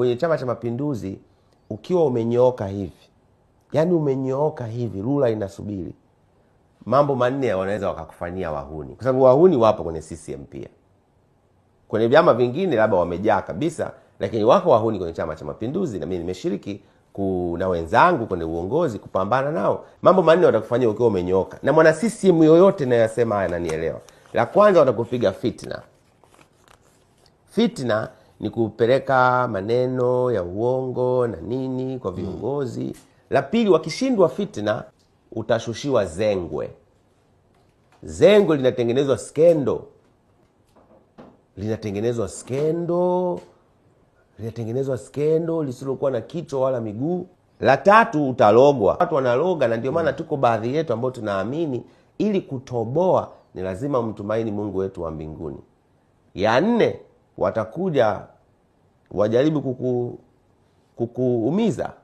kwenye Chama cha Mapinduzi ukiwa umenyooka hivi, yaani umenyooka hivi, rula inasubiri mambo manne wanaweza wakakufanyia wahuni, kwa sababu wahuni wapo kwenye CCM pia. Kwenye vyama vingine labda wamejaa kabisa, lakini wako wahuni kwenye Chama cha Mapinduzi, na mi nimeshiriki na wenzangu kwenye uongozi kupambana nao. Mambo manne watakufanyia ukiwa umenyooka, na mwana CCM yoyote nayasema haya, nanielewa. La kwanza watakupiga fitna. Fitna ni kupeleka maneno ya uongo na nini kwa viongozi mm. La pili, wakishindwa fitna utashushiwa zengwe. Zengwe linatengenezwa skendo, linatengenezwa skendo, linatengenezwa skendo lisilokuwa na kichwa wala miguu. La tatu, utalogwa. Watu wanaloga, na ndio maana mm. tuko baadhi yetu ambao tunaamini ili kutoboa ni lazima umtumaini Mungu wetu wa mbinguni. Ya nne watakuja wajaribu kuku, kukuumiza